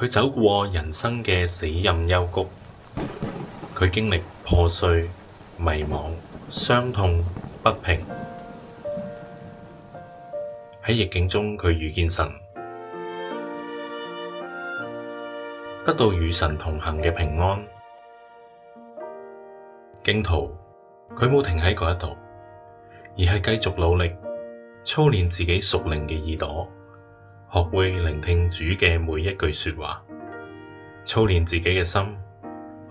佢走過人生嘅死蔭幽谷，佢經歷破碎、迷茫、傷痛、不平。喺逆境中，佢遇見神，得到與神同行嘅平安。荊徒，佢冇停喺嗰一度，而係繼續努力操練自己屬靈嘅耳朵。學會聆聽主嘅每一句說話，操練自己嘅心，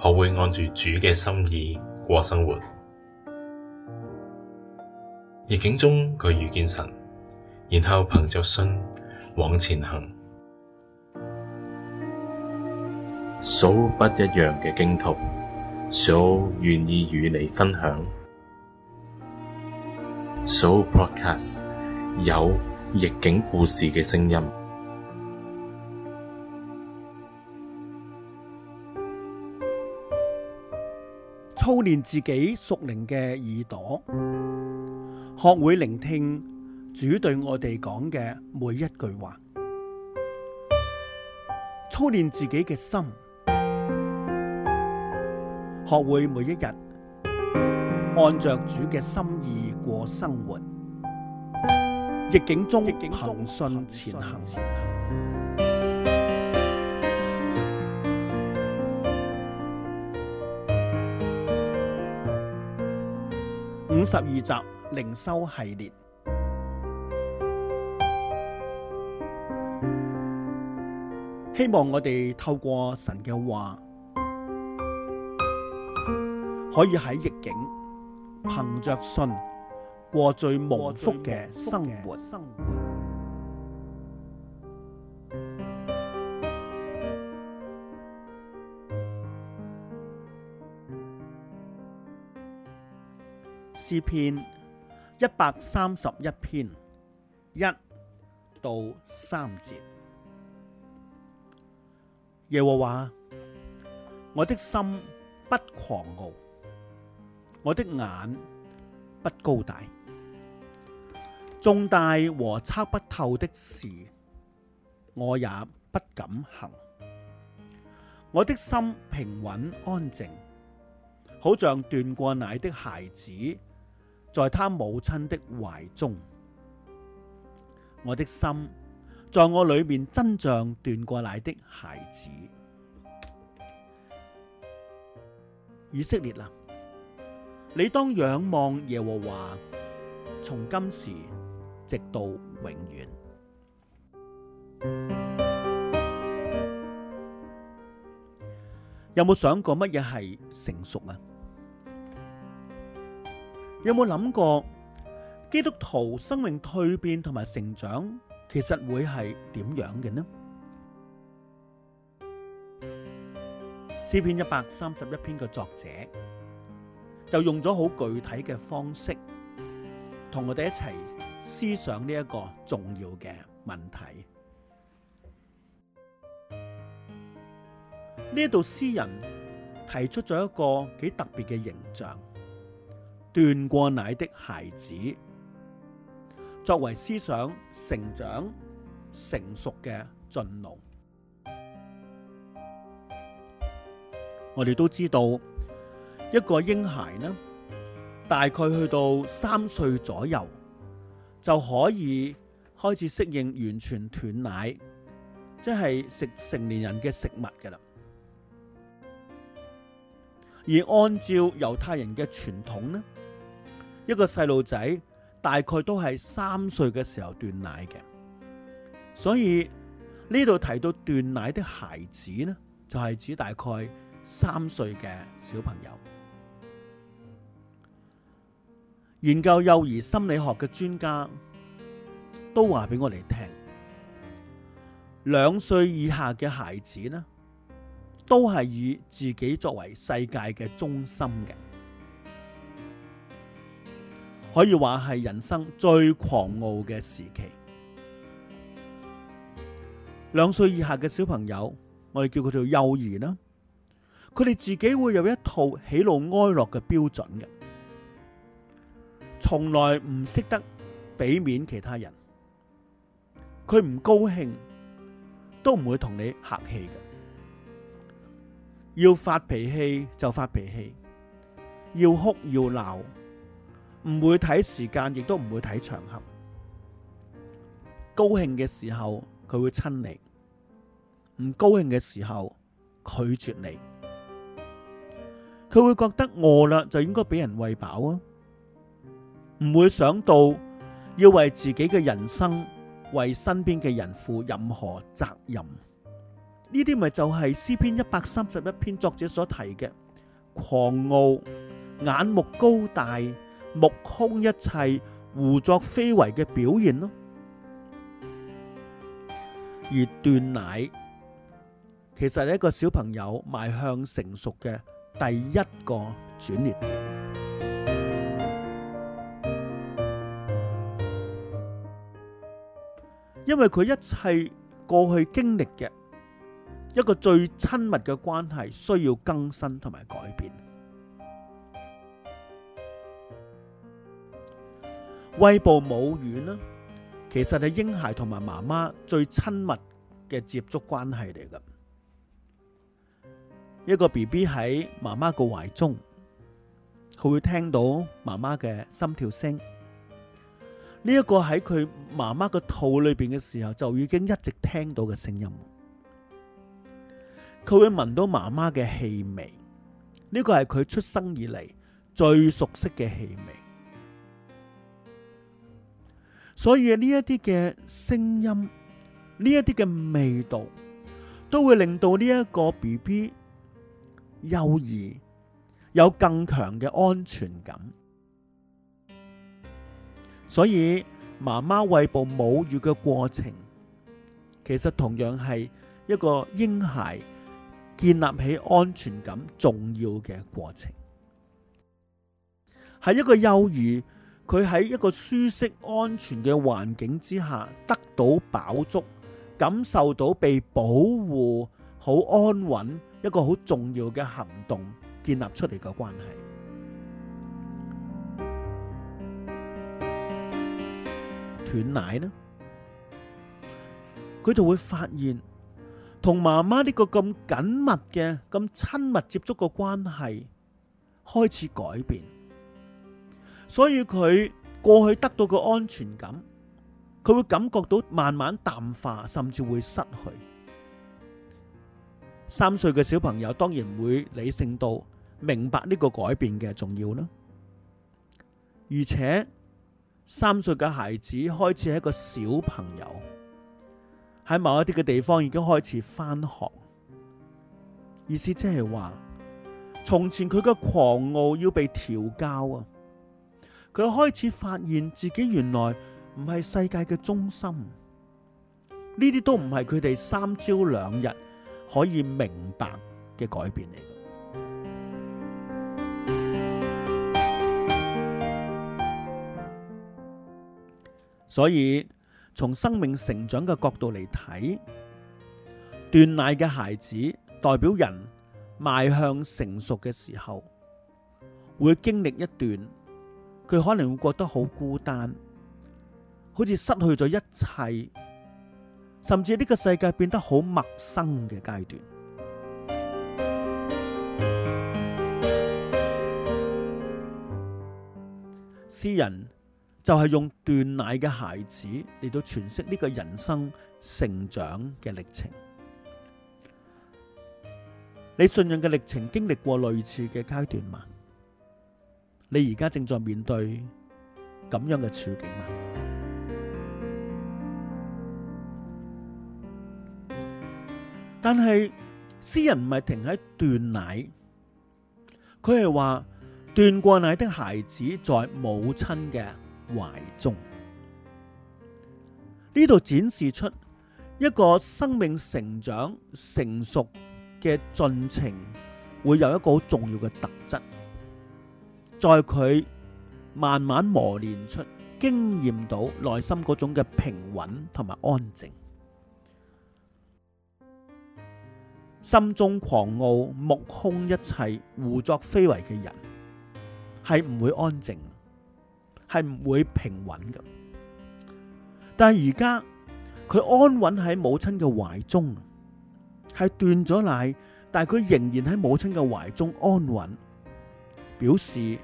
學會按住主嘅心意過生活。逆境中佢遇見神，然後憑着信往前行。數不一樣嘅經途，數願意與你分享。數 podcast 有。逆境故事嘅聲音，操練自己屬靈嘅耳朵，學會聆聽主對我哋講嘅每一句話。操練自己嘅心，學會每一日按着主嘅心意過生活。逆境中憑信前行。五十二集靈修系列，希望我哋透過神嘅話，可以喺逆境，憑着信。過最蒙福嘅生活。詩篇一百三十一篇一到三節。耶和華，我的心不狂傲，我的眼。不高大，重大和測不透的事，我也不敢行。我的心平穩安靜，好像斷過奶的孩子，在他母親的懷中。我的心在我裏面，真像斷過奶的孩子。以色列人啊，你當仰望耶和華，從今時直到永遠。有冇想過乜嘢係成熟啊？有冇諗過基督徒生命蛻變同埋成長，其實會係點樣嘅呢？詩篇一百三十一篇嘅作者。就用咗好具體嘅方式，同我哋一齊思想呢一個重要嘅問題。呢一度詩人提出咗一個幾特別嘅形象——斷過奶的孩子，作爲思想成長成熟嘅進路。我哋都知道。一個嬰孩呢，大概去到三歲左右就可以開始適應完全斷奶，即係食成年人嘅食物㗎喇。而按照猶太人嘅傳統呢，一個細路仔大概都係三歲嘅時候斷奶嘅，所以呢度提到斷奶的孩子呢，就係指大概三歲嘅小朋友。研究幼兒心理學嘅專家都話俾我哋聽，兩歲以下嘅孩子呢，都係以自己作為世界嘅中心嘅，可以話係人生最狂傲嘅時期。兩歲以下嘅小朋友，我哋叫佢做幼兒啦，佢哋自己會有一套喜怒哀樂嘅標準嘅。從來唔識得俾面其他人，佢唔高興都唔會同你客氣嘅，要發脾氣就發脾氣，要哭要鬧，唔會睇時間，亦都唔會睇場合。高興嘅時候佢會親你，唔高興嘅時候拒絕你，佢會覺得餓啦，就應該俾人餵飽啊。唔會想到要為自己嘅人生，為身邊嘅人負任何責任，呢啲咪就係詩篇一百三十一篇作者所提嘅狂傲、眼目高大、目空一切、胡作非為嘅表現咯。而斷奶其實係一個小朋友邁向成熟嘅第一個轉折。因為佢一切過去經歷嘅一個最親密嘅關係需要更新同埋改變。喂哺母乳呢，其實係嬰孩同埋媽媽最親密嘅接觸關係嚟噶。一個 BB 喺媽媽個懷中，佢會聽到媽媽嘅心跳聲。呢一個喺佢媽媽嘅肚裏邊嘅時候就已經一直聽到嘅聲音，佢會聞到媽媽嘅氣味，呢個係佢出生以嚟最熟悉嘅氣味，所以呢一啲嘅聲音，呢一啲嘅味道，都會令到呢一個 BB 幼兒有更強嘅安全感。所以，媽媽餵哺母乳嘅過程，其實同樣係一個嬰孩建立起安全感重要嘅過程，係一個幼兒，佢喺一個舒適安全嘅環境之下得到飽足，感受到被保護、好安穩，一個好重要嘅行動建立出嚟嘅關係。斷奶呢，佢就會發現同媽媽呢個咁緊密嘅，咁親密接觸嘅關係開始改變，所以佢過去得到嘅安全感，佢會感覺到慢慢淡化，甚至會失去。三歲嘅小朋友當然會理性到明白呢個改變嘅重要啦，而且。三歲嘅孩子開始係一個小朋友，喺某一啲嘅地方已經開始返學，意思即係話，從前佢嘅狂傲要被調教啊，佢開始發現自己原來唔係世界嘅中心，呢啲都唔係佢哋三朝兩日可以明白嘅改變嚟。所以，從生命成長嘅角度嚟睇，斷奶嘅孩子代表人邁向成熟嘅時候，會經歷一段佢可能會覺得好孤單，好似失去咗一切，甚至呢個世界變得好陌生嘅階段。詩人。就係用斷奶嘅孩子嚟到詮釋呢個人生成長嘅歷程。你信任嘅歷程經歷過類似嘅階段嗎？你而家正在面對咁樣嘅處境嗎？但係詩人唔係停喺斷奶，佢係話斷過奶的孩子在母親嘅懷中，呢度展示出一個生命成長成熟嘅進程，會有一個好重要嘅特質，在佢慢慢磨練出經驗到內心嗰種嘅平穩同埋安靜。心中狂傲、目空一切、胡作非為嘅人，係唔會安靜。係唔會平穩嘅，但係而家佢安穩喺母親嘅懷中啊，係斷咗奶，但佢仍然喺母親嘅懷中安穩，表示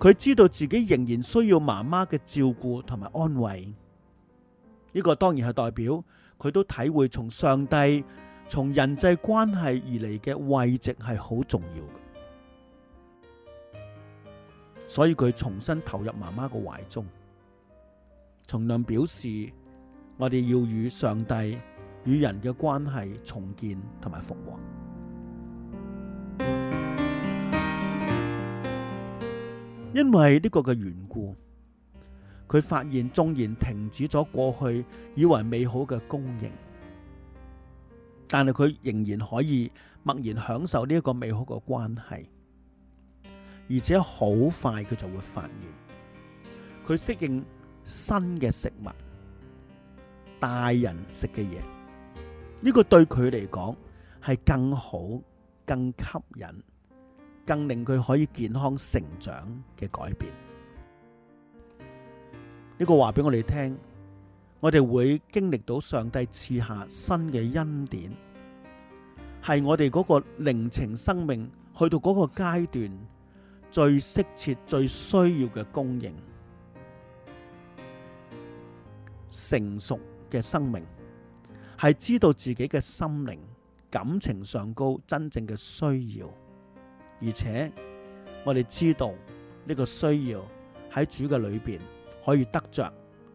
佢知道自己仍然需要媽媽嘅照顧同埋安慰。呢、這個當然係代表佢都體會從上帝、從人際關係而嚟，嘅慰藉係好重要嘅。所以佢重新投入媽媽個懷中，同樣表示我哋要與上帝、與人嘅關係重建同埋復和。因為呢個嘅緣故，佢發現縱然停止咗過去以為美好嘅供應，但係佢仍然可以默然享受呢一個美好嘅關係。而且好快佢就會發現，佢適應新嘅食物、大人食嘅嘢，呢個對佢嚟講係更好、更吸引、更令佢可以健康成長嘅改變。呢個話俾我哋聽，我哋會經歷到上帝賜下新嘅恩典，係我哋嗰個靈情生命去到嗰個階段。最適切、最需要嘅供應，成熟嘅生命係知道自己嘅心靈、感情上高真正嘅需要，而且我哋知道呢個需要喺主嘅裏邊可以得着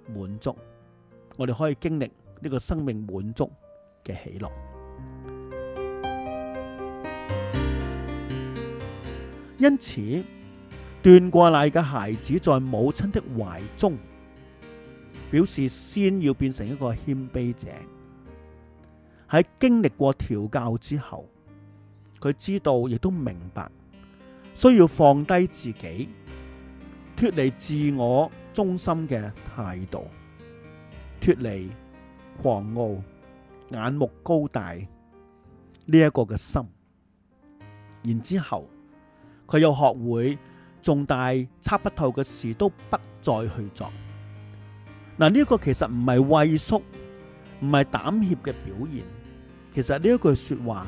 滿足，我哋可以經歷呢個生命滿足嘅喜樂。因此，斷過奶嘅孩子在母親的懷中，表示先要變成一個謙卑者。喺經歷過調教之後，佢知道亦都明白，需要放低自己，脫離自我中心嘅態度，脫離狂傲、眼目高大呢一個嘅心，然之後。佢又學會重大測不透嘅事都不再去做。嗱，呢個其實唔係畏縮，唔係膽怯嘅表現。其實呢一句說話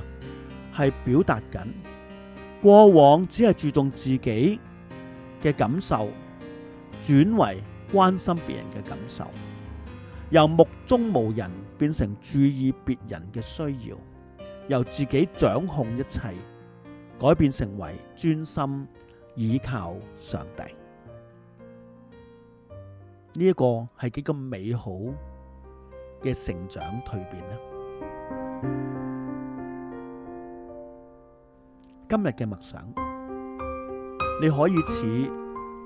係表達緊過往只係注重自己嘅感受，轉為關心別人嘅感受，由目中無人變成注意別人嘅需要，由自己掌控一切，改變成為專心倚靠上帝，呢一個係幾咁美好嘅成長蛻變呢？今日嘅默想，你可以似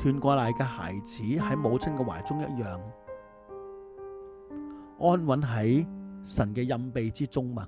斷過奶嘅孩子喺母親嘅懷中一樣，安穩喺神嘅蔭庇之中嘛？